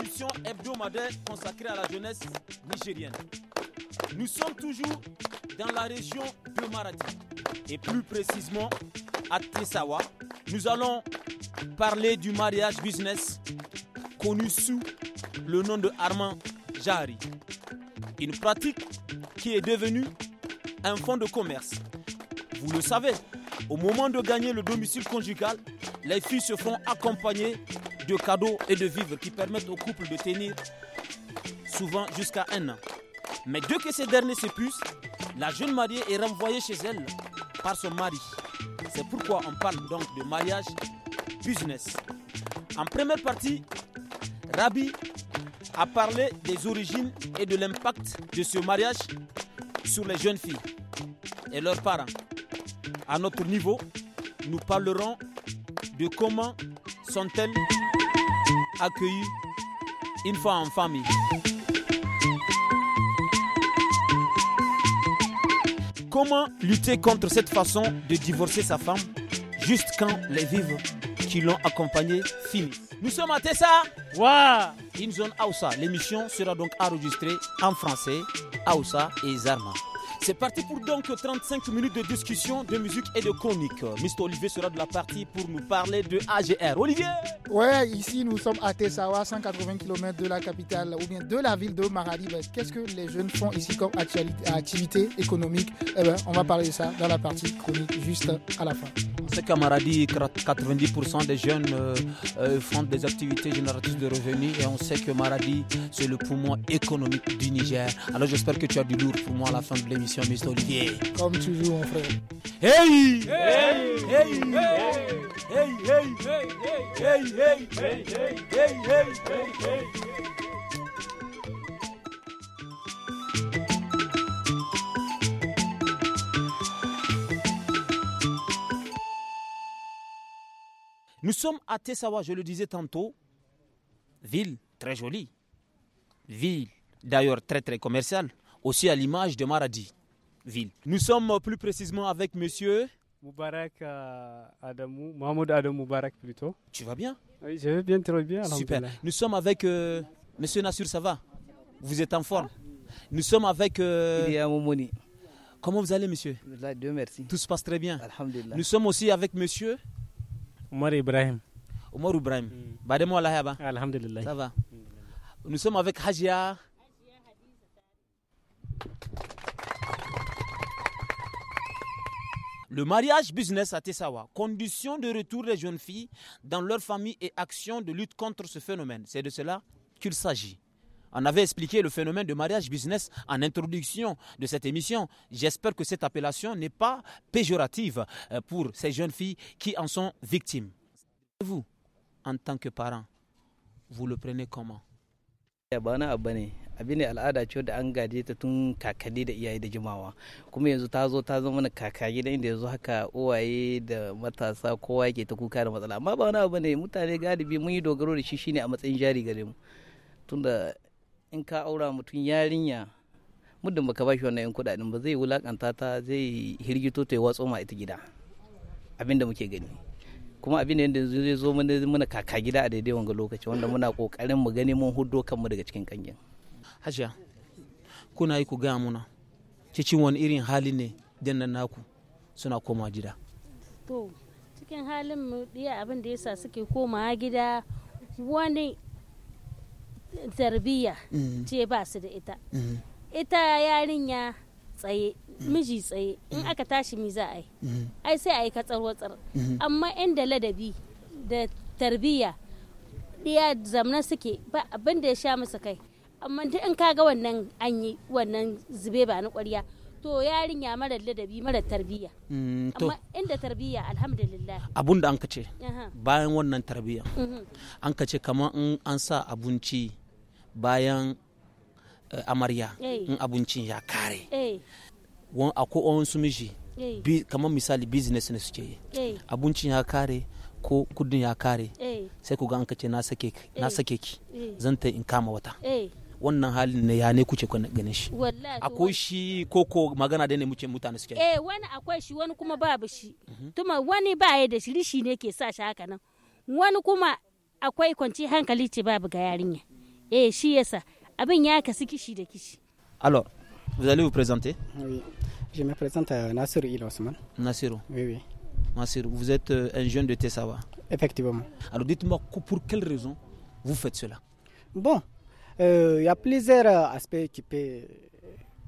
Mission hebdomadaire consacrée à la jeunesse nigérienne. Nous sommes toujours dans la région du Maradi et plus précisément à Tessawa. Nous allons parler du mariage business connu sous le nom de Armand Jahari. Une pratique qui est devenue un fonds de commerce. Vous le savez, au moment de gagner le domicile conjugal, les filles se font accompagner de cadeaux et de vivres qui permettent au couple de tenir souvent jusqu'à un an. Mais dès que ces derniers s'épuisent, la jeune mariée est renvoyée chez elle par son mari. C'est pourquoi on parle donc de mariage business. En première partie, Rabi a parlé des origines et de l'impact de ce mariage sur les jeunes filles et leurs parents. À notre niveau, nous parlerons de comment sont-elles accueilli une fois en famille. Comment lutter contre cette façon de divorcer sa femme juste quand les vivres qui l'ont accompagné finissent Nous sommes à Tessa Waouh In zone Aoussa. L'émission sera donc enregistrée en français, Aoussa et Zarma. C'est parti pour donc 35 minutes de discussion, de musique et de comique. Mr. Olivier sera de la partie pour nous parler de AGR. Olivier Ouais, ici nous sommes à Tessawa, 180 km de la capitale, ou bien de la ville de Maradi. Ben, qu'est-ce que les jeunes font ici comme activité économique Eh ben, on va parler de ça dans la partie chronique juste à la fin. On sait qu'à Maradi, 90% des jeunes euh, euh, font des activités génératrices de revenus et on sait que Maradi, c'est le poumon économique du Niger. Alors j'espère que tu as du lourd pour moi à la fin de l'émission. Comme toujours, mon frère. Nous sommes à Tessawa, je le disais tantôt, ville très jolie, ville d'ailleurs très très commerciale, aussi à l'image de Maradi ville. Nous sommes euh, plus précisément avec monsieur Moubarak euh, Adamou, Mohamed Adam Moubarak plutôt. Tu vas bien Oui, je vais bien, très bien. Super. Nous sommes avec euh, monsieur Nassur, ça va Vous êtes en forme Nous sommes avec. Il est à Comment vous allez, monsieur Deux merci. Tout se passe très bien. Alhamdulillah. Nous sommes aussi avec monsieur Omar Ibrahim. Omar Ibrahim. Mm. Bademo Allahaba. Alhamdulillah. Ça va. Nous sommes avec Hajia. Hajia Le mariage business à Tessawa, condition de retour des jeunes filles dans leur famille et action de lutte contre ce phénomène. C'est de cela qu'il s'agit. On avait expliqué le phénomène de mariage business en introduction de cette émission. J'espère que cette appellation n'est pas péjorative euh, pour ces jeunes filles qui en sont victimes. Vous, en tant que parent, vous le prenez comment eh, abin ne al'ada ce da an gaje ta tun kakanni da iyaye da jimawa kuma yanzu ta zo ta zama kaka gida inda yanzu haka uwaye da matasa kowa yake ta kuka da matsala amma ba wani abu ne mutane galibi mun yi dogaro da shi shine a matsayin jari gare mu tunda in ka aura mutum yarinya muddin baka bashi wannan yan kudaden ba zai wulakanta ta zai hirgito ta yi watso ma ita gida abin da muke gani kuma abin da yanzu zai zo mana kaka gida a daidai wanga lokaci wanda muna kokarin mu gani mun huddo kanmu daga cikin kangin hajiya kuna yi ku gaya muna cikin wani irin hali ne nan naku suna koma gida to cikin halin mu ɗiya abin da sa suke koma gida wani tarbiyya mm. ce ba su da ita mm. ita yarinya tsaye miji tsaye in mm. aka tashi mi za a yi ai sai a yi katsar amma inda ladabi da tarbiyya diya zamna suke ba abin da ya sha musu kai amma duk in kaga wannan an yi wannan zube ba na ƙwarya to ya mara ladabi mara tarbiyya mm, amma inda tarbiyya alhamdulillah abun da an ka ce bayan wannan tarbiyya mhm. an ka ce kamar in an sa abinci bayan eh, amarya eh. in abincin ya kare eh. akwai su miji kamar misali business ne suke yi abincin ya kare ko kudin ya kare sai ku ga an ka ce na sake ki zan ta in kama wata wannan halin ne ya ne kuce ganin shi akwai shi koko magana da ne muke mutane suke eh wani akwai shi wani kuma babu shi mhm. tuma wani ba ya da shi rishi ne ke sa shi haka nan wani kuma akwai kwanci hankali ce babu ga yarinya eh shi yasa abin ya kasu kishi da kishi alors vous allez vous présenter oui je me présente à Nassir Il Osman Nassir oui oui Nassir vous êtes euh, un jeune de Tessawa effectivement alors dites-moi pour quelle raison vous faites cela bon il euh, y a plusieurs aspects qui peuvent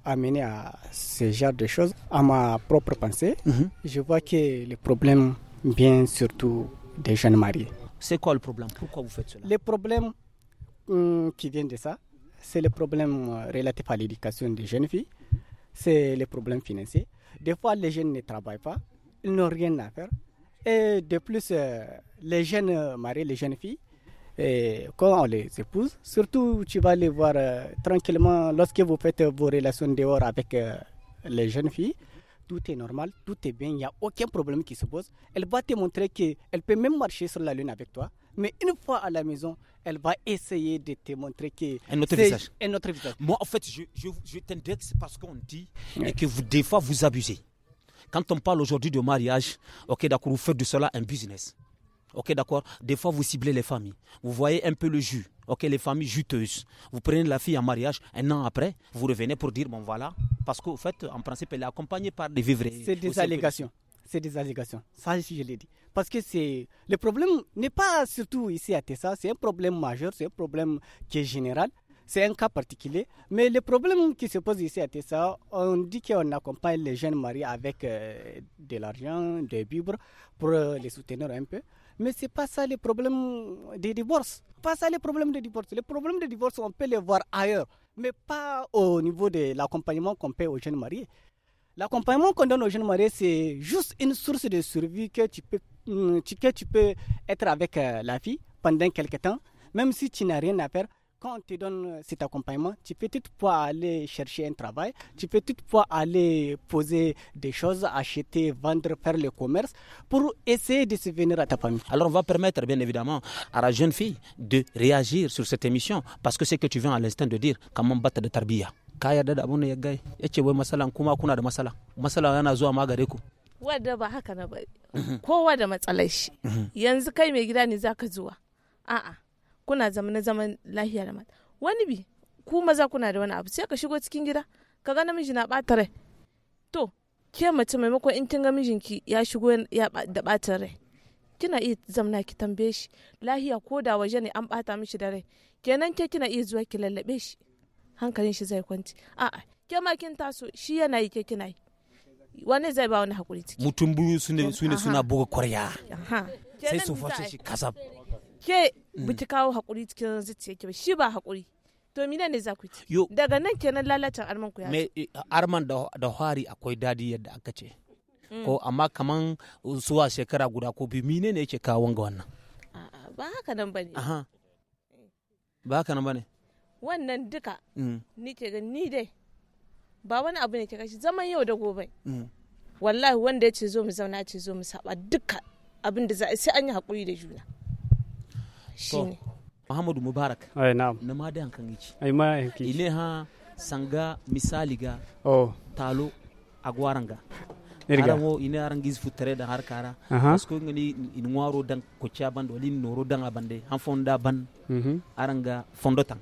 amener à ce genre de choses. À ma propre pensée, mhm. je vois que le problème vient surtout des jeunes mariés. C'est quoi le problème Pourquoi vous faites cela Le problème hum, qui vient de ça, c'est le problème euh, relatif à l'éducation des jeunes filles, c'est le problème financier. Des fois, les jeunes ne travaillent pas, ils n'ont rien à faire. Et de plus, euh, les jeunes mariés, les jeunes filles, et quand on les épouse, surtout tu vas les voir euh, tranquillement lorsque vous faites vos relations dehors avec euh, les jeunes filles. Tout est normal, tout est bien, il n'y a aucun problème qui se pose. Elle va te montrer qu'elle peut même marcher sur la lune avec toi, mais une fois à la maison, elle va essayer de te montrer que est visage. Un autre visage. Moi, en fait, je, je, je t'indexe parce qu'on dit et que vous, des fois vous abusez. Quand on parle aujourd'hui de mariage, ok, d'accord, vous faites de cela un business. Ok, d'accord. Des fois, vous ciblez les familles. Vous voyez un peu le jus. Ok, les familles juteuses. Vous prenez la fille en mariage. Un an après, vous revenez pour dire bon voilà, parce qu'en fait, en principe, elle est accompagnée par des vivres. C'est des allégations. C'est des allégations. Ça, je l'ai dit. Parce que c'est le problème n'est pas surtout ici à Tessa. C'est un problème majeur. C'est un problème qui est général c'est un cas particulier. Mais le problème qui se pose ici à Tessa, on dit qu'on accompagne les jeunes mariés avec euh, de l'argent, des bibres, pour euh, les soutenir un peu. Mais ce n'est pas ça le problème des divorces. Pas ça le problème des divorces. Les problèmes des divorces, on peut les voir ailleurs, mais pas au niveau de l'accompagnement qu'on paie aux jeunes mariés. L'accompagnement qu'on donne aux jeunes mariés, c'est juste une source de survie que tu peux, hum, que tu peux être avec euh, la fille pendant quelques temps, même si tu n'as rien à faire. Quand on te donne cet accompagnement, tu peux toutefois aller chercher un travail, tu peux toutefois aller poser des choses, acheter, vendre, faire le commerce pour essayer de se venir à ta famille. Alors on va permettre bien évidemment à la jeune fille de réagir sur cette émission parce que c'est que tu viens à l'instant de dire comment battre de tarbiya. da ya kuna da masala masala yana zuwa wadda ba haka na kuna zama na zaman lahiya da mata wani bi ku maza kuna da wani abu sai ka shigo cikin gida ka ga namiji na ɓata rai to ke mace maimakon in kin ga mijinki ya shigo ya da ɓata rai kina iya zamna ki tambaye shi lahiya ko da waje ne an ɓata mishi da rai kenan ke kina iya zuwa ki lallabe shi hankalin shi zai kwanci a'a ke ma kin taso shi yana yi ke kina yi wani zai ba wani hakuri ciki mutum biyu su ne suna buga kwarya sai su fashe shi kasab ke mm. biki kawo hakuri cikin zuciya ke shi ba hakuri to mina ne za ku ci daga nan kenan lalacin arman ku ya me eh, arman da hari akwai dadi yadda aka ce mm. ko amma kaman zuwa shekara guda ko bi mine ne yake kawo wanga wannan ba haka nan bane aha ba haka nan bane wannan duka mm. ni ke gani ni dai ba wani abu ne ke kashi zaman yau da gobe wallahi wanda ya ce zo mu zauna ce zo mu saba duka abin da za a sai an yi haƙuri da juna shine muhammadu mubarak ai na'am na ma dan kan gici ai ma ine ha sanga misali ga oh talo agwaranga aramo ine arangiz futare da har kara asko ngani in waro dan ko chaban wali noro dan abande han fonda ban mhm. aranga fondotan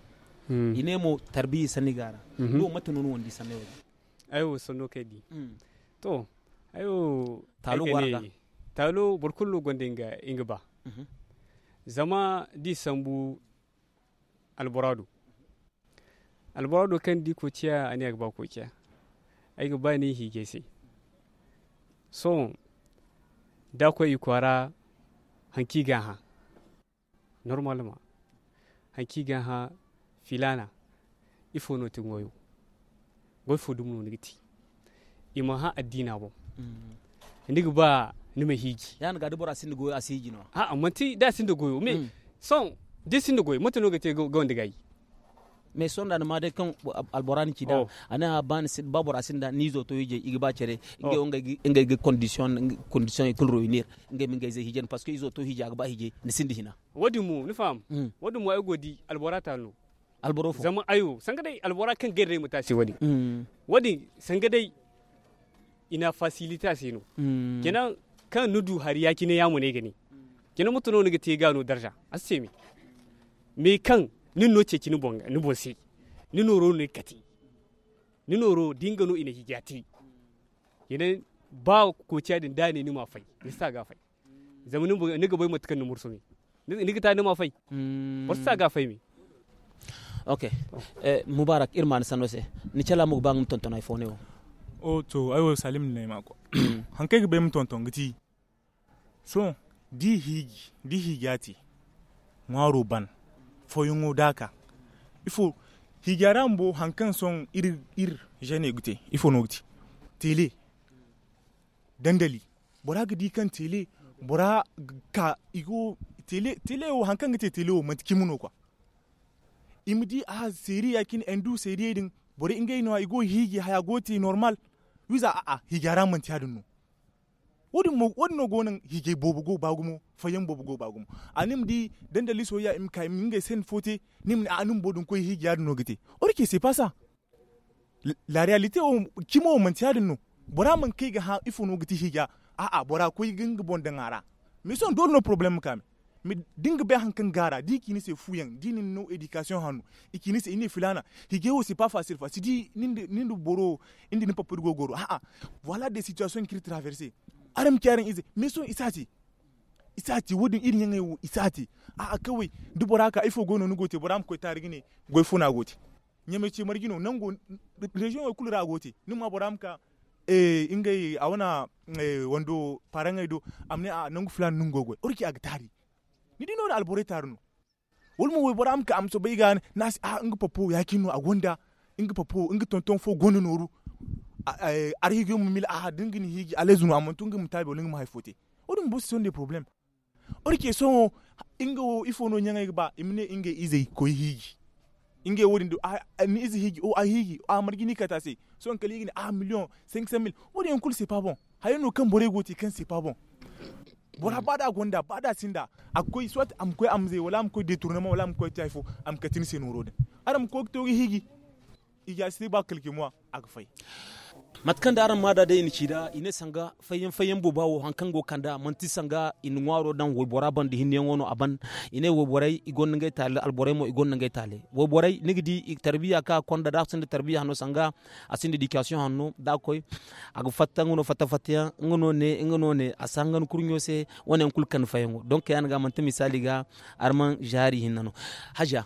mhm. ine mo tarbi sanigara do mhm. matunu wondi sanewa ayo sono kedi mm. to ayo talo warga talo burkullu gondinga ingba zama di sambu alborado alborado kan di ko tiya ani ba ko kiya ai ga bani hige so da ko i kwara hanki ga ha normal ma hanki ga ha filana ifo no goyo goy fo dum no nigiti ima ha addina bo mm. ndig ba nima higi ya ga dubura sin goyo asigi no a amanti da sin da goyo me hmm. son de sin da goyo mata no gate gonda gai me son da ma de kan alborani ki da oh. ana ban sin babura sin da nizo to yije igi ba cere oh. nge onga nge nge condition condition e kulro unir nge min ze hijen parce que izo to ga ba hije ni sindi hina wadi mu ni fam hmm. wadi mu ay godi alborata no alborofo zama ayo sanga dai albora kan gerre mu tashi wadi hmm. wadi sanga dai ina facilita sino kenan kan nudu ya kine ya mune gani kina mutuno ga te gano darja asse mi me kan nin no ce kini bonga ni bonse ni noro ne kati ni noro dinga no ina higati ina ba ko ce din dane ni ma fai ni sa ga fai zamanin ni ga bai matukan ni mursumi ni ta ni ma fai hmm. bar sa ga fai mi ok eh, mubarak irman sanose ni cala mu bang ton ton iphone o o oh, to ayo salim ne ma ko hanke ga bai mu ton giti so di higi di higati ngaro ban foyungo daka ifo higaran bo hankan son ir ir jene gute ifo no gute tele dandali bora gidi kan tele bora ka igo tele tele o hankan gite tele o matki muno kwa imdi a seri yakin endu seri din bora ingai no igo higi haya goti normal wiza a a higaran man tiadun no wadin mo wodin no gonan hige bobu go bagumo fayen bobu go bagumo anim di den da liso ya im kai minga sen fote nim na anum bodun koy hige yadu no gite or ke c'est pas la realite o kimo man yadu no bora man kai ga ha ifu no gite hige a a bora koy ging bon dangara mi son do no problem kam mi ding be hankan gara di kini se fuyan di nin no education hanu ikini se ini filana hige wo se pa facile si di nindu nindu boro indi ni papur goro a a voilà des situations qui traverser aram kyaran izi me so isati isati wudin irin yanga yo isati a a kawai dubora ka ifo gono nugo te boram ko tari gine goy funa goti nyame ce margino nango region ko kulra goti nima boram ka e eh, ingay awana eh, wando parangay do amne a ah, nangu fulan nungo goy orki tari ni dino da albore no wolmo we boram ka amso baygan nas a ah, ngu popo yakino a gonda ngu popo ngu tonton fo gono noru ar higi mu mil aha dingin higi ale zunu amon tungin mu tabe olingin mu haifote odin bo son de problem orike so inga wo ifo no nyanga ba imne inga ize ko higi inga wodin do ni ize higi o a higi a margini kata se son kali gini a ah, million 500 mil odin kul c'est pas bon hayo no kan bore goti kan c'est pas bon bora bada gonda bada sinda akwai swat am koy am ze wala am koy détournement wala am koy tayfo am katin sen wurode aram ko to higi ija siba quelques mois ak fay matkan da aran mada da inci da ine sanga fayen fayen bubawo hankan go kanda manti sanga in waro dan wo bora ban di hinne ngono aban ine wo borai igon ngai tale al borai mo igon ngai tale wo borai nigdi tarbiya ka konda da sun tarbiya hanu sanga asin education hanu da koy agu fatta ngono fatta fatta ngono ne ngono ne asangan kurnyo se wonen kulkan fayengo donc yan ga manti misali ga arman jari hinano haja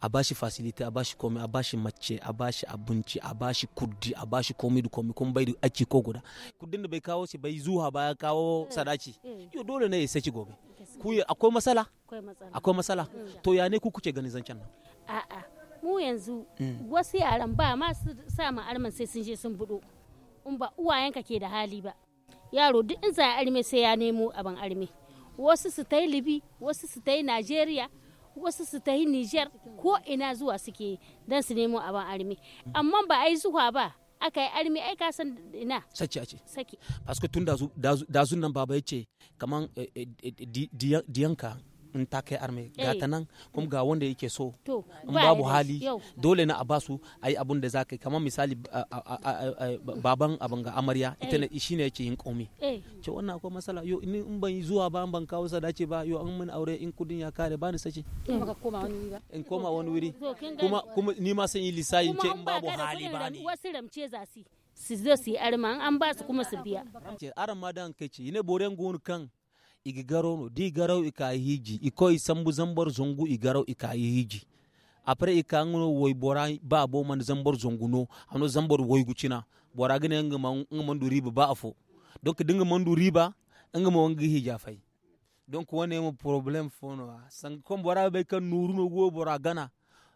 a bashi facility a bashi komai a bashi mace a bashi abinci a bashi kudi a bashi komai da komai kuma bai da aiki ko guda kudin da bai kawo shi bai zuwa ba ya kawo mm. sadaci mm. yo dole ne ya saki gobe ku akwai matsala akwai matsala mm. to ya ne ku kuke ganin zancen nan a'a mu yanzu wasu yaran ba ma su sa ma arman sai sun je sun budo in ba uwayenka ke da hali ba yaro duk in za a arme sai ya nemo abin arme wasu su ta yi libi wasu su ta yi najeriya wasu su ta yi Nijar ko ina zuwa suke don su nemo abin armi amma ba a yi zuwa ba aka yi armi ai ka san ina saki a ce saki paske tun dazun nan baba ya ce kamar eh, eh, eh, diyanka in ta kai arme ga eh. ta nan kuma ga wanda yake so in babu hali dole na a basu a yi abun da za ka yi kamar misali baban abin ga amarya eh. ita ne shi ne yake yin komi eh. ce wannan akwai masala yo in ban yi zuwa ba ban kawo dace ba yo an mun aure in kudin ya kare ba ni sace in koma wani wuri kuma kuma ni ma san yi lissayin ce in babu hali ba ni wasu ramce za su su zo su yi arma an ba su kuma su biya aran ma da an kai ce ne boren gonu kan igi garo no di garo ika hiji iko isambu zambor zongu igaro ika hiji apre ika ngono woi bora ba bo man zambor zongu no ano zambor woi gucina bora gane nga man ndu riba ba afo donc dinga mandu riba e nga mo wangi hija fai donc wane mo problem fono a sang kom bora be kan nuru no go bora gana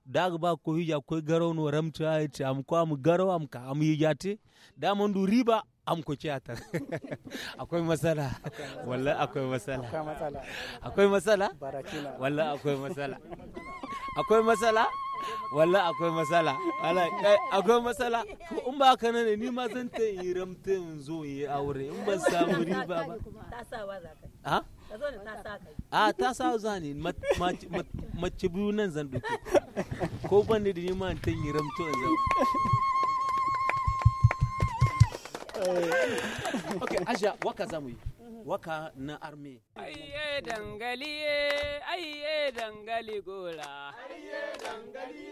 dag ba ko hija ko garo no ramta ait am ko am garo am ka am hija te da mandu riba amkuki a ta akwai matsala wallah akwai matsala akwai matsala wallah akwai matsala akwai matsala wallah akwai matsala akwai matsala ko eh, in ba ka nan ni ma zan ta yi ramta in zo yi aure in ba samu riba ba ba ta ha a ta sa za ne ah, mace biyu nan zan duke ko ban da ni ma ta yi ramta in zo Eh. ok aja waka za mu yi waka na arme aiye dangali aiye dangali gola aiye dangali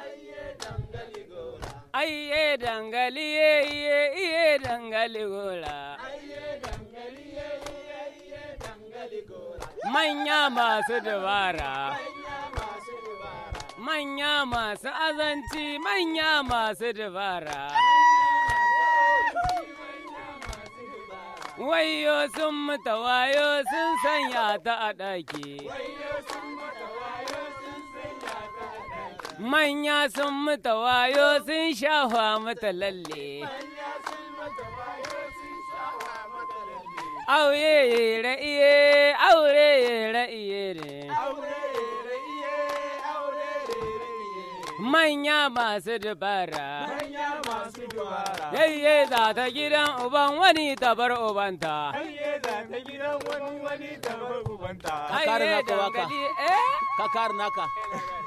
aiye dangali gola aiye dangali iye iye dangali gola aiye dangali iye iye dangali gola manya masu dabara manya masu azanci manya masu dabara Wayo sun mata wayo sun sanya ta a ɗaki. Manya sun mata wayo sun shafa mata lalle. Aure ra'iye, aure ra'iye ne. Aure Manya masu dubara. Manya masu dubara. Yayye za ta gidan uban wani tabar ubanta. Yayye za ta gidan wani wani tabar ubanta. Kakar naka waka. Eh? Kakar naka.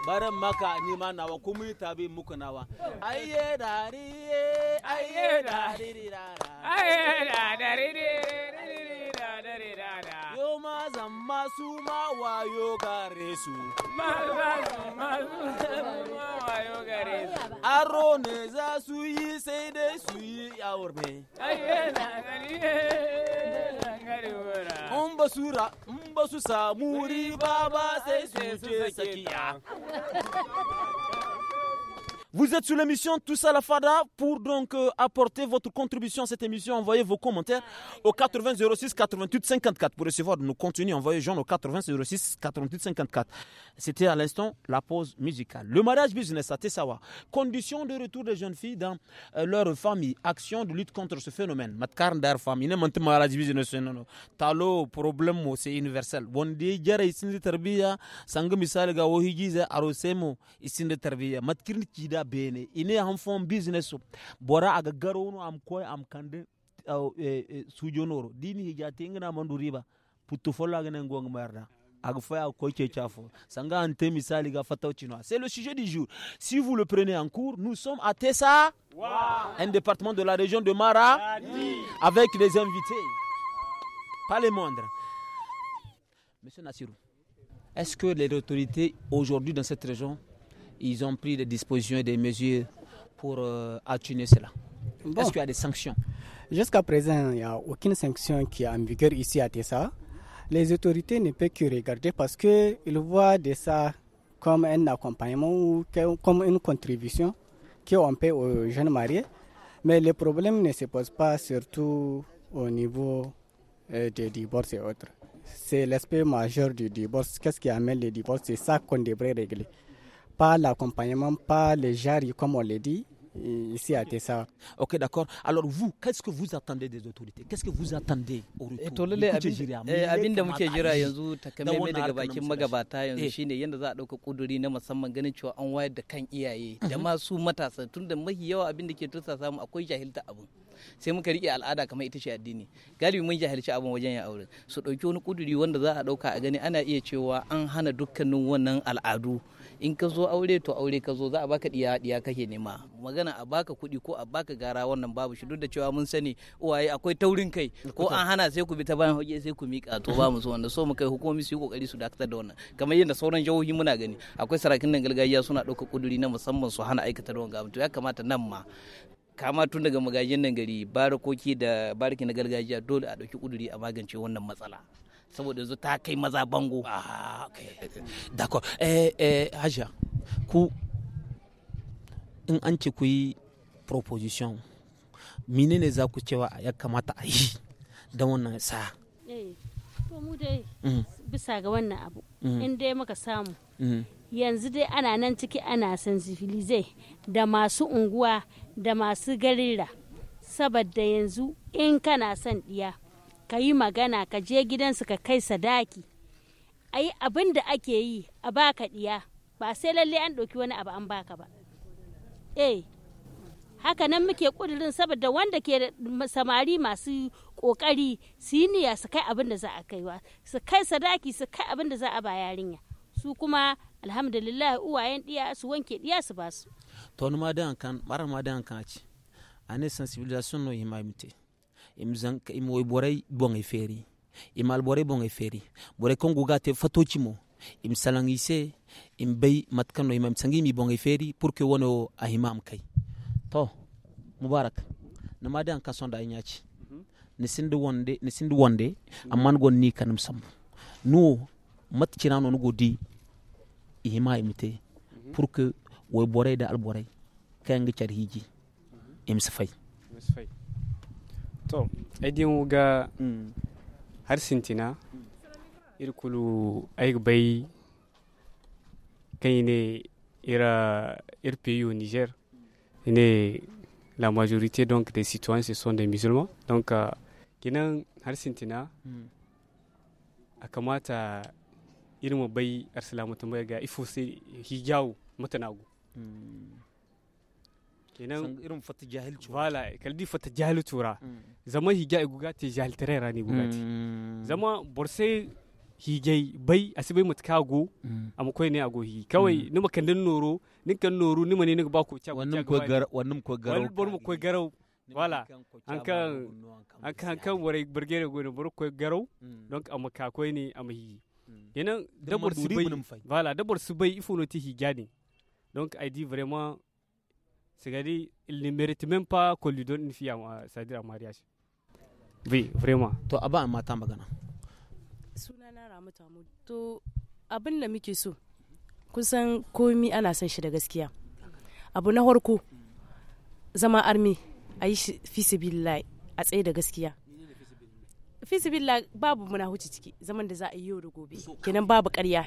Barin maka ni ma nawa kuma yi tabi muku nawa. Ayye dariye. Ayye da riri. Ayye riri. Yau ma zamma su ma wayo gare su. wayo gare su. Aro ne za su yi sai dai su yi yawar me. In ba su ra, in ba su samu riba ba sai su je sakiya. Vous êtes sur l'émission Tous à la Fada pour donc euh, apporter votre contribution à cette émission. Envoyez vos commentaires au 80 06 88 54 pour recevoir nos contenus. Envoyez Jean au 80 06 88 54. C'était à l'instant la pause musicale. Le mariage business à Tessawa. Conditions de retour des jeunes filles dans euh, leur famille. Action de lutte contre ce phénomène. Matkarn der famille. mariage business. Talo problème oh, c'est universel. Bondi jara isin de tarbiya. Sangamisal ga wohigi arosemo train de un bene ine han fon business bora aga no am koy am kande aw e, e sujonoro dini tinga ngana mandu riba putu folo aga ne ngong merda aga faya ko ke chafo sanga ante misali ga fataw chino c'est le sujet du jour si vous le prenez en cours nous sommes à Tessa wow. un département de la région de Mara avec les invités pas les moindres monsieur Nassirou est-ce que les autorités aujourd'hui dans cette région ils ont pris des dispositions et des mesures pour euh, atténuer cela. Est-ce qu'il y a des sanctions Jusqu'à présent, il n'y a aucune sanction qui est en vigueur ici à Tessa. Les autorités ne peuvent que regarder parce qu'ils voient de ça comme un accompagnement ou comme une contribution qu'on paie aux jeunes mariés. Mais le problème ne se pose pas surtout au niveau euh, des divorces et autres. C'est l'aspect majeur du divorce. Qu'est-ce qui amène le divorce C'est ça qu'on devrait régler. pas l'accompagnement, pas les jari comme on le dit euh, ici à Tessa. Ok, d'accord. Alors vous, qu'est-ce que vous attendez des autorités Qu'est-ce que vous attendez au retour eh, eh, abin da jira yanzu daga bakin magabata yanzu eh. shine za a na musamman ganin an da kan iyaye mhm. yawa abin da ke akwai sai muka riƙe al'ada kamar ita ce addini galibi mun jahilci abin wajen ya aure su ɗauki wani ƙuduri wanda za a ɗauka a gani ana iya cewa an hana dukkanin wannan al'adu in ka zo aure to aure ka zo za a baka diya diya kake nema magana a baka kuɗi ko a baka gara wannan babu shi duk da cewa mun sani uwaye akwai taurin kai ko an hana sai ku bi ta bayan hoge sai ku mika to ba mu so wanda so mu kai hukumomi su yi kokari su dakatar da wannan kamar yadda sauran jihohi muna gani akwai sarakin nan gargajiya suna ɗauka kuduri na musamman su hana aikata da wannan to ya kamata nan ma kama tun daga magajin nan gari barakoki da bariki na gargajiya dole a dauki kuduri a magance wannan matsala saboda yanzu ta kai maza bango ah, eh eh hajiya ku in an ce ku yi proposition menene za ku cewa ya kamata a yi don wannan sa eh, mu dai mm. bisa ga wannan abu mm. in dai muka samu mm. yanzu dai ana nan ciki ana sensibilize da masu unguwa da masu garira saboda yanzu in kana son diya ka yi magana ka je gidansu ka kai sadaki a yi abin da ake yi a baka ɗiya ba sai lalle an ɗauki wani abu an baka ba eh haka nan muke ƙudurin saboda wanda ke samari masu ƙoƙari su yi niyya su kai abin da za a kaiwa su kai sadaki su kai abin da za a ba yarinya su kuma alhamdulillah uwayen ɗiya su wanke ɗiya su ba su. tonu ma da kan ɓarar ma da kan ci a ne sensibilisation no ma mite imzan imoy boray bonge feri imal boray bonge feri boray kongu gate fatochimo im salangise im bay matkano imam sangi mi bonge feri pour que wono ahimam kay to mubarak namade an kasonda da nyaaci mhm. ni sindi wonde ne sindu wonde amman gon ni kanum sam nu mat cirano nugo di ihima imite mhm. pour que woy boray da al boray kay ngi car hiji mhm. im safay to aidin har sintina irkulu aik bai ira irpi niger ne la majorité donc des citoyens ce sont des musulmans donc euh, kinan har sintina akamata kamata irin bai arsilamu ga ifo sai hijawu hmm. kenan irin fata jahil tura wala kaldi fata jahil tura mm. zama higa e gugati jahil tare rani gugate mm. zama borse higei bai asibai mutkago mm. amakwai ne agohi kawai ni kan noro kan noro nima ni ba bako cha wannan ko gar wannan ko garau wannan bor ko garau wala an kan an kan kan wore burgere go ne bor ko garau don ka koi ne amahi yana dabar su bai wala dabar su bai ifo no ti higani donc ai di vraiment C'est-à-dire, il ne mérite même pas qu'on lui donne une fille, euh, c'est-à-dire en mariage. Oui, vraiment. To abin mata magana. Sunana Ramatu Hamudu. To abin da muke so, kusan komi ana son shi da gaskiya. Abu na farko zama armi a yi shi fisibillah a tsaye da gaskiya. Fisibillah babu muna huce ciki zaman da za a yi yau da gobe. Kenan babu karya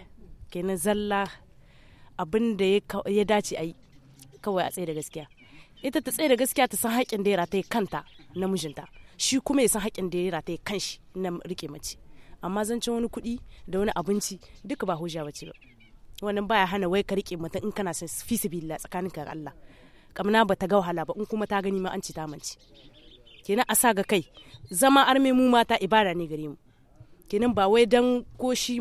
Kenan zalla abin da ya dace a yi. kawai a tsaye da gaskiya ita ta tsaye da gaskiya ta san haƙin da ya rataye kanta na mijinta shi kuma ya san haƙin da ya rataye kanshi na rike mace amma zancen wani kuɗi da wani abinci duka ba hujja bace ba wannan baya hana wai ka rike mata in kana son fi sabilillah tsakaninka ga Allah kamna ba ta ga wahala ba in kuma ta gani ma an ci ta mance kenan a sa ga kai zama arme mu mata ibada ne gare mu kenan ba wai dan ko shi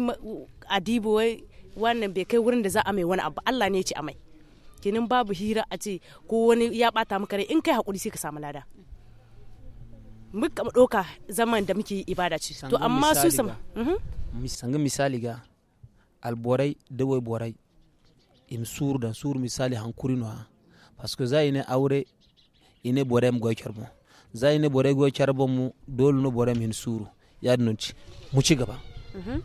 adibo wai wannan bai kai wurin da za a mai wani abu Allah ne ya ci amai kenan babu hira a ce ko wani ya bata maka rai in kai hakuri sai ka samu lada muka ɗauka zaman da muke ibada ce to amma su sama mhm. sanga misali ga alborai wai borai in sur da sur misali hankuri no parce que zai ne aure ine borem go charbo zai ne bore go charbo mu dole no borem in suru ya nunci mu ci gaba mhm.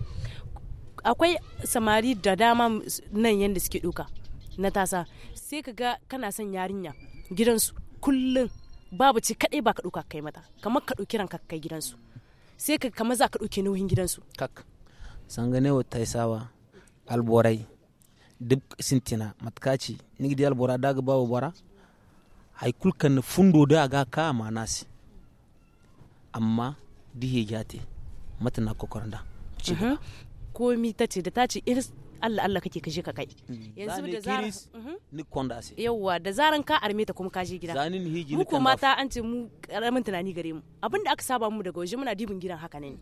akwai samari da dama nan yanda suke duka na tasa sai ka ga kana son yarinya gidansu kullum babu ce kadai ba ka ɗauka kai mata kamar ka ɗauki ranka kai gidansu sai ka kama za ka ɗauke nauyin gidansu kak gane wa taisawa alborai duk sintina matkaci gidi albora daga babu bara kulkan kan fundo da ga ka nasi amma dihe gyate mata na kokorin komi ta ce da ta ce Allah Allah kake ka je ka kai mm. yanzu da zaran mhm. ni konda da zaran ka arme ta kuma ka je gida zanin hiji ni kuma mata an ce mu karamin tunani gare mu abinda aka saba mu daga waje muna dibin gidan haka ne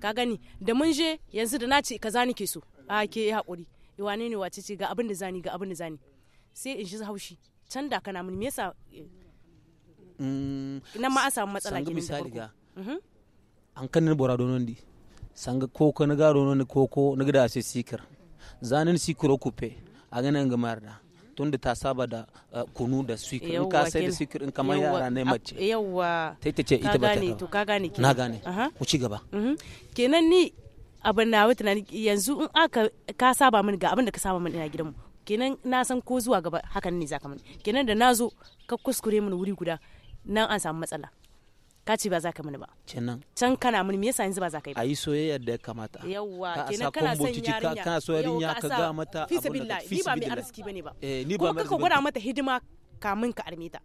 ka gani da mun je yanzu da na ce zani ke so a ke hakuri eh, wane ne wace ce ga abin da zani ga abin da zani sai in ji haushi can da kana mun me yasa eh, mm. na ma an samu matsala ke misali ga mhm. an kanin bora donon di sanga koko na garo ne koko na gida sai sikar zanen si kupe a ganin gamar da tunda ta saba da uh, kunu da sikir in ka sai da sikir in kamar yara ne mace yawa ta ita ce ita bata ta to ka gane na gane ku ci gaba mhm. kenan ni abin na wata yanzu in aka ka saba min ga abin da ka saba min ina gidanmu kenan na san ko zuwa gaba hakan ne zaka mani kenan da nazo ka kuskure min wuri guda nan an samu matsala ka ce ba za ka mini ba kenan can kana mini me yasa yanzu ba za ka yi ba ayi soyayya da ya kamata yawa kenan kana son yarinya kana so yarinya ka ga mata fi ni ba mai arziki bane ba eh ni ba mai arziki gwada mata hidima kamin ka arme ta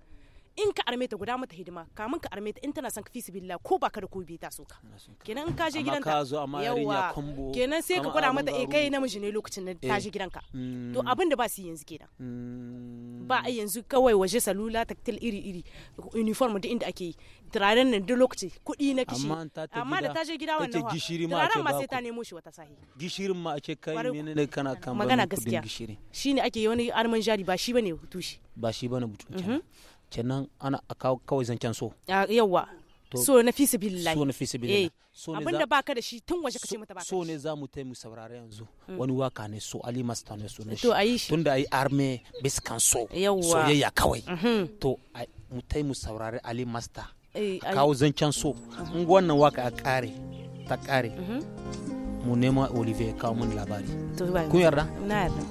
in ka arme ta guda mata hidima kamin ka arme ta in tana son ka fisi billah ko baka da ko bi ta so ka kenan in ka je gidanta yawa kenan sai ka gwada mata eh kai namiji ne lokacin da ta je eh. gidanka mm. to abin da ba su yanzu kenan mm. ba a yanzu kawai waje salula taktil iri iri uniform da inda ake yi turaren nan duk lokaci kuɗi na kishi amma da ta je gida wannan wa turaren ma sai ta nemo shi wata sahi gishirin ma ake kai mene ne kana kan magana gaskiya shine ake wani arman jari ba shi bane tushi ba shi bane mutum mhm. kenan ana kawai zancen so ah, yawa so na fisa billahi so na fisa billahi eh, so ne abinda baka da shi tun waje kace mata baka so ne zamu taimu saurare yanzu mm. wani waka ne so ali masta ne so ne to ayi shi tunda ayi arme biskan so soyayya kawai mhm. to mu taimu saurare ali masta Eh, a kawo zancen so in wannan waka a kare ta kare mhm. mu nema olivier kawo mun labari kun yarda na yarda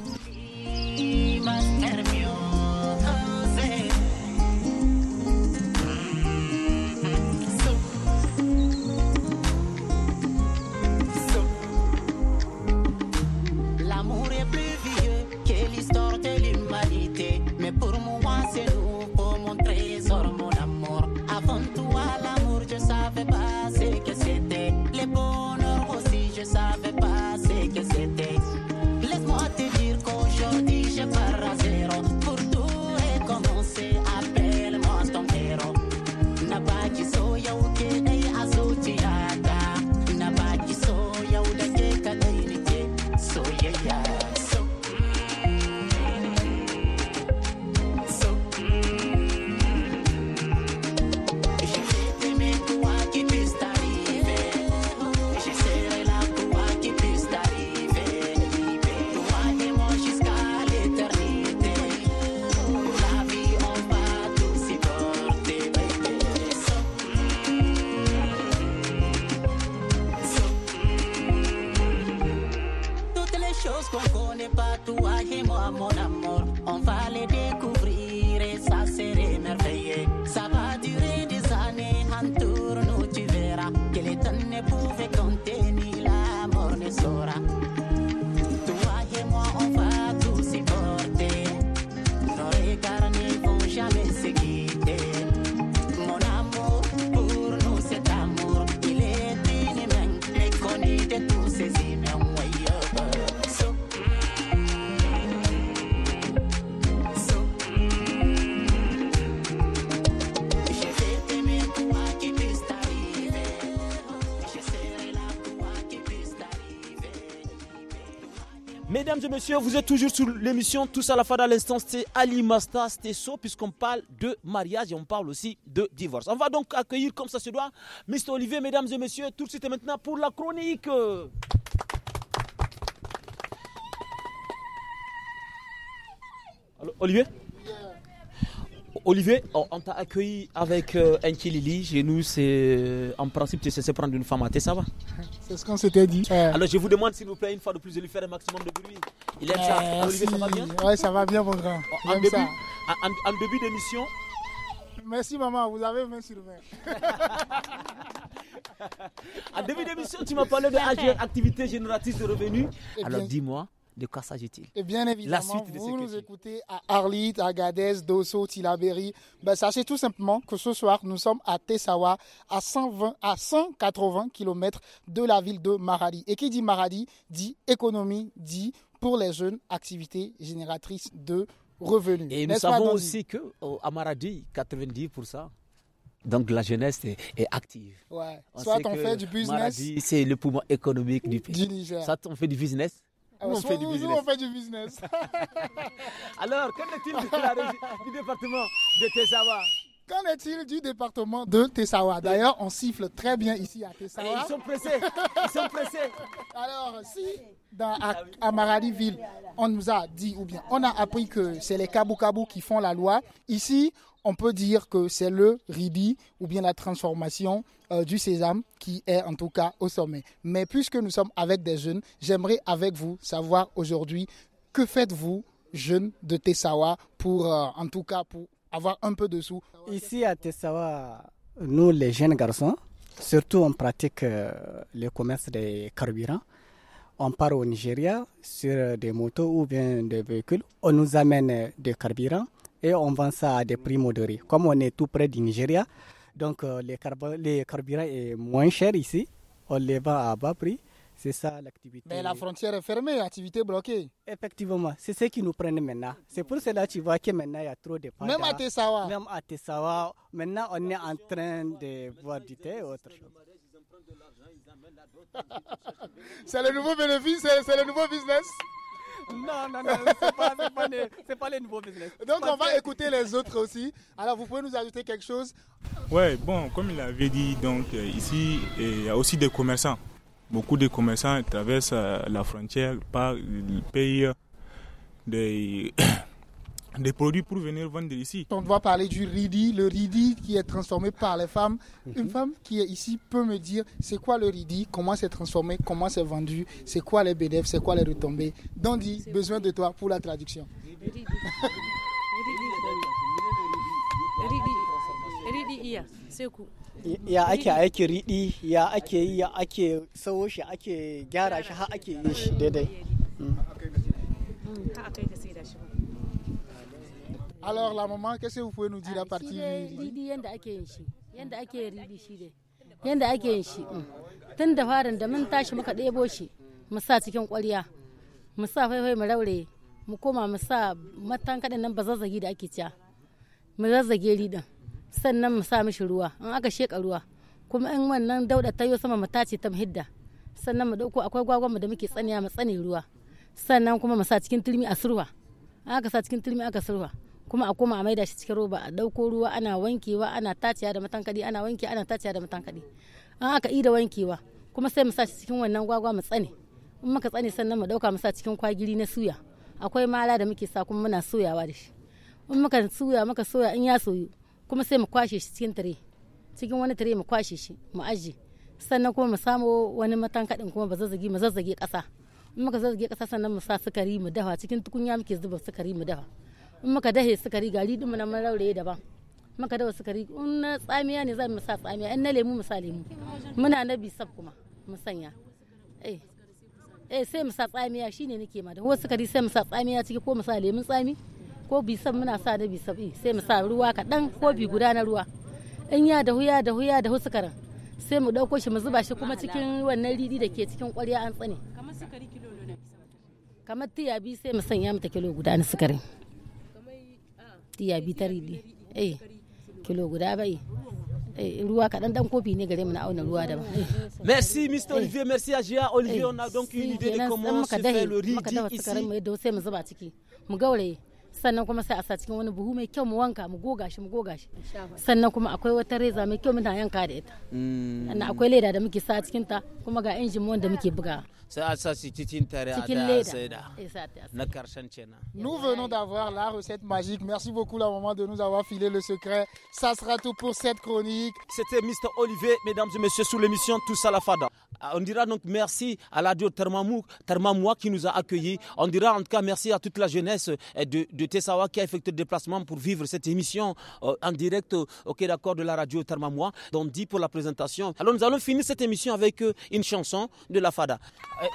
Mesdames et messieurs, vous êtes toujours sur l'émission Tous à la fin à l'instant, c'est Ali Masta Stesso, puisqu'on parle de mariage et on parle aussi de divorce. On va donc accueillir comme ça se doit Mr. Olivier, mesdames et messieurs, tout de suite et maintenant pour la chronique. Olivier Olivier, on t'a accueilli avec euh, Enkilili. Chez nous, c'est en principe, tu sais se prendre une femme à tes, ça va C'est ce qu'on s'était dit. Alors je vous demande s'il vous plaît une fois de plus de lui faire un maximum de bruit. Il aime ça. Oui, Olivier, ça va bien Ouais, ça va bien mon grand. En, début, d'émission. Merci maman, vous avez 20 sur 20. en début d'émission, tu m'as parlé de activité génératrice de revenus. Alors dis-moi, de quoi s'agit-il Et bien évidemment, la vous nous écoutez à Arlit, Agadez, Dosso, Tilaberi. Ben, sachez tout simplement que ce soir, nous sommes à Tessawa, à 120, à 180 km de la ville de Maradi. Et qui dit Maradi dit économie, dit pour les jeunes activité génératrice de revenus. Et nous savons aussi que euh, à Maradi, 90%. Donc la jeunesse est, active. Soit on fait du business. C'est le poumon économique du pays. Soit on fait du business ah, on, fait du business. Alors, qu'en est-il du département de Tessawa Qu'en est-il du département de Tessawa D'ailleurs, on siffle très bien ici à Tessawa. ils sont pressés. Ils sont pressés. Alors, si à, à Maradiville, on nous a dit, ou bien on a appris que c'est les Kabou Kabou qui font la loi, ici, on peut dire que c'est le ribi ou bien la transformation euh, du sésame qui est en tout cas au sommet. Mais puisque nous sommes avec des jeunes, j'aimerais avec vous savoir aujourd'hui que faites-vous, jeunes de Tessawa, pour euh, en tout cas pour avoir un peu de sous. Ici à Tessawa, nous les jeunes garçons, surtout on pratique euh, le commerce des carburants. On part au Nigeria sur des motos ou bien des véhicules. On nous amène des carburants et on vend ça à des prix modérés. Comme on est tout près du Nigeria, donc euh, les, les carburants est moins cher ici. On les vend à bas prix. C'est ça l'activité. Mais la frontière est fermée, activité bloquée. Effectivement, c'est ce qui nous prennent maintenant. C'est pour cela que tu vois que maintenant il y a trop de pandas. Même à Tessawa. Même à Tessawa. Maintenant, on est en train de voir du thé et autre chose. c'est le nouveau bénéfice, c'est le nouveau business. Non, non, non, c'est pas, pas, les, nouveaux business. Donc on va écouter les autres aussi. Alors vous pouvez nous ajouter quelque chose Ouais, bon, comme il avait dit, donc euh, ici, il y a aussi des commerçants. Beaucoup de commerçants traversent euh, la frontière par le pays euh, des des produits pour venir vendre ici. On doit parler du ridi, le ridi qui est transformé par les femmes. Une femme qui est ici peut me dire c'est quoi le ridi, comment c'est transformé, comment c'est vendu, c'est quoi les bénéfices, c'est quoi les retombées. Dandy, besoin de toi pour la traduction. ridi. ridi. ridi. ridi, ya ake aiki riɗi ya ake yi ya ake sawo shi ake gyara shi har ake yin shi daidai mm. Alors la maman, qu'est-ce que vous pouvez nous dire ah, à partir du ridi yanda ake yin shi, yanda ake yin ridi shi dai. Yanda ake yin shi. Tun da farin da mun tashi muka ɗebo shi, mu sa cikin ƙwarya, mu sa faifai mu raure, mu koma mu sa matan kaɗan nan bazazzagi da ake ciya. Mu zazzage ridin, sannan mu sa mishi ruwa, in aka sheƙa ruwa. Kuma in wannan dauɗa ta yo sama mu tace ta mu hidda. Sannan mu ɗauko akwai gwagwanmu da muke tsaniya mu tsane ruwa. Sannan kuma mu sa cikin turmi a surwa. Aka sa cikin turmi aka surwa. kuma a koma a maida shi cikin roba a ɗauko ruwa ana wankewa ana taciya da matankadi ana wanke ana taciya da matankadi an aka ida wankewa kuma sai mu sa shi cikin wannan gwagwa mu tsane in muka tsane sannan mu ɗauka mu sa cikin kwagiri na suya akwai mala da muke sa kuma muna soyawa da shi in muka suya muka soya in ya soyu kuma sai mu kwashe shi cikin tire cikin wani tire mu kwashe shi mu aje sannan kuma mu samu wani matankadin kuma ba zazzage mu zazzage ƙasa in muka zazzage ƙasa sannan mu sa sukari mu dafa cikin tukunya muke zuba sukari mu dafa in muka dahe sukari gari din na maraure daban muka dawa sukari in na tsamiya ne za mu sa tsamiya in na lemu mu sa lemu muna na sab kuma mu sanya eh, eh sai mu sa tsamiya shine nake ma da wasu sukari sai mu sa tsamiya ciki ko mu sa lemun tsami ko sab muna sa na sab eh sai mu sa ruwa kaɗan bi guda na ruwa in ya dahu ya dahu ya dahu sukarin sai mu ɗauko shi mu zuba shi kuma cikin wannan ridi da ke cikin ƙwarya an tsane kamar tiya bi sai mu sanya mata kilo guda na sukari tiya bitari di eh kilo guda bai eh, ruwa kaɗan ɗan kofi ne gare mu na auna ruwa da Merci Mr eh. Olivier, merci Ajia eh, Olivier, on a donc une idée de comment se le riz. dafa mu sai mu zuba ciki, mu gauraye. sannan kuma sai a sa cikin wani buhu mai kyau mu wanka mu goga shi mu goga shi sannan kuma akwai wata reza mai kyau muna yanka da ita mm. sannan akwai leda da muke sa cikin ta kuma ga injin wanda muke buga sai a sa shi cikin tare a da saida na karshen cena nous venons d'avoir la recette magique merci beaucoup la maman de nous avoir filé le secret ça sera tout pour cette chronique c'était Mr Olivier mesdames et messieurs sous l'émission tout ça la fada ah, on dira donc merci à la radio Termamoua qui nous a accueillis. On dira en tout cas merci à toute la jeunesse eh, de, Tessawa qui a effectué le déplacement pour vivre cette émission euh, en direct euh, au Quai d'accord de la radio Termamoua. Donc dit pour la présentation. Alors nous allons finir cette émission avec euh, une chanson de la Fada. Eh,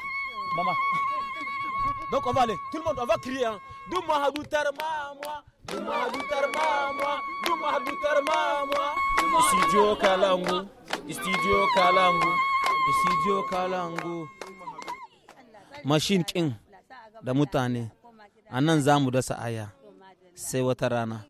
donc on va aller, tout le monde, on va crier. Hein. Studio Studio kalangu mashin kin da mutane a nan za mu dasa aya sai wata rana